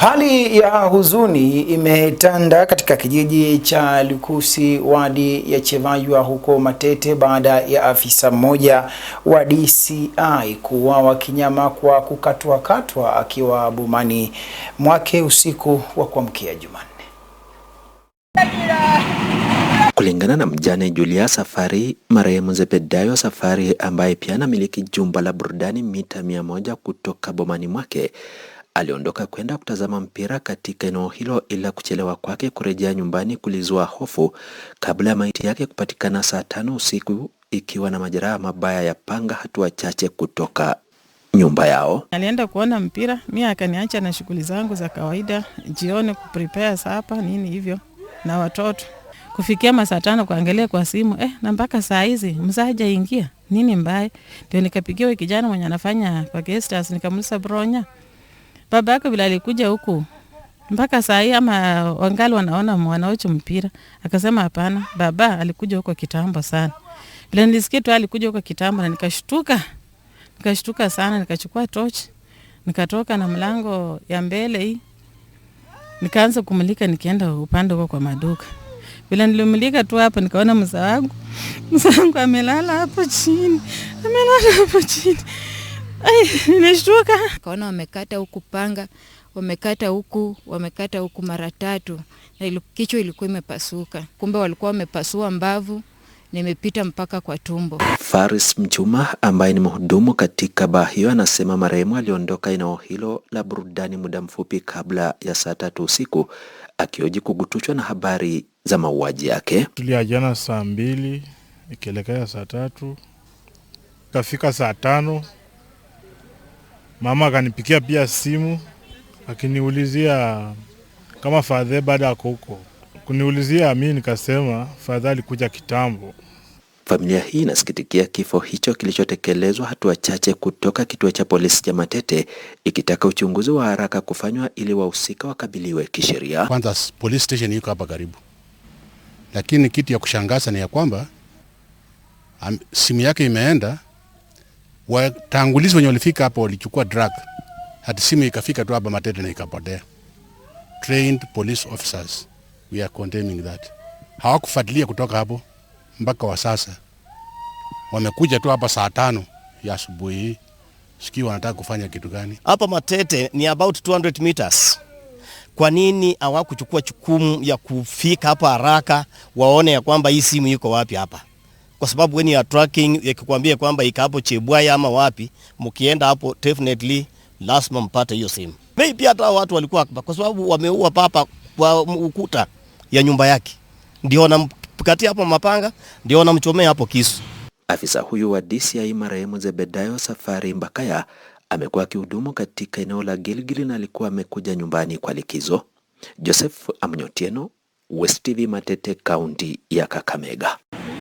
Hali ya huzuni imetanda katika kijiji cha Lukusi wadi ya Chevaywa huko Matete baada ya afisa mmoja wa DCI kuuawa kinyama kwa kukatwakatwa akiwa bomani mwake usiku wa kuamkia Jumanne. Kulingana na mjane Julia Safari, marehemu Zebedayo Safari ambaye pia anamiliki jumba la burudani mita mia moja kutoka bomani mwake Aliondoka kwenda kutazama mpira katika eneo hilo, ila kuchelewa kwake kurejea nyumbani kulizua hofu kabla ya maiti yake kupatikana saa tano usiku ikiwa na majeraha mabaya ya panga, hatua chache kutoka nyumba yao. Alienda kuona mpira, mi akaniacha na shughuli zangu za kawaida, jioni kuprepare sapa nini hivyo na watoto kufikia masaa tano kuangalia kwa simu eh, na mpaka saa hizi mzaa hajaingia nini mbaya. Ndio nikapigia kijana mwenye anafanya kwa guest house, nikamuuliza bronya baba yako vile alikuja huku mpaka saa hii ama wangali wanaona wanaocho mpira. Akasema hapana, baba alikuja huko kitambo sana. Vile nilisikia tu alikuja huko kitambo, na nikashtuka, nikashtuka sana, nikachukua tochi nikatoka na mlango ya mbele hii nikaanza kumulika, nikienda upande huko kwa maduka. Vile nilimulika tu hapo, nikaona mzee wangu, mzee wangu amelala hapo chini, amelala hapo chini Nimeshtuka, kaona wamekata huku panga, wamekata huku, wamekata huku mara tatu, na kichwa ilikuwa imepasuka. Kumbe walikuwa wamepasua mbavu, nimepita mpaka kwa tumbo. Faris Mchuma ambaye ni mhudumu katika baa hiyo anasema marehemu aliondoka eneo hilo la burudani muda mfupi kabla ya saa tatu usiku akioji kugutushwa na habari za mauaji yake. Tulia jana saa mbili ikielekea saa tatu, kafika saa tano Mama akanipikia pia simu akiniulizia kama fadhe baada ya kuko kuniulizia, mi nikasema fadhe alikuja kitambo. Familia hii inasikitikia kifo hicho kilichotekelezwa hatua chache kutoka kituo cha polisi cha Matete, ikitaka uchunguzi wa haraka kufanywa ili wahusika wakabiliwe kisheria. Kwanza police station yuko hapa karibu, lakini kitu ya kushangaza ni ya kwamba simu yake imeenda watangulizi wenye walifika hapa walichukua drug, hadi simu ikafika tu hapa Matete na ikapotea. Trained police officers, we are condemning that. Hawakufuatilia kutoka hapo mpaka wa sasa, wamekuja tu hapa saa tano ya asubuhi, sikii wanataka kufanya kitu gani hapa Matete? Ni about 200 meters. Kwa nini hawakuchukua chukumu ya kufika hapa haraka waone ya kwamba hii simu iko wapi hapa? kwa sababu when you are tracking yakikwambia kwamba ika hapo Chebwaya ama wapi, mkienda hapo definitely lazima mpate hiyo simu. Mimi pia hata watu walikuwa kwa sababu wameua papa kwa ukuta ya nyumba yake, ndio wanamkatia hapo mapanga, ndio wanamchomea hapo kisu. Afisa huyu wa DCI marehemu Zebedayo Safari Mbakaya amekuwa akihudumu katika eneo la Gilgili na alikuwa amekuja nyumbani kwa likizo. Joseph Amnyotieno, West TV Matete, kaunti ya Kakamega.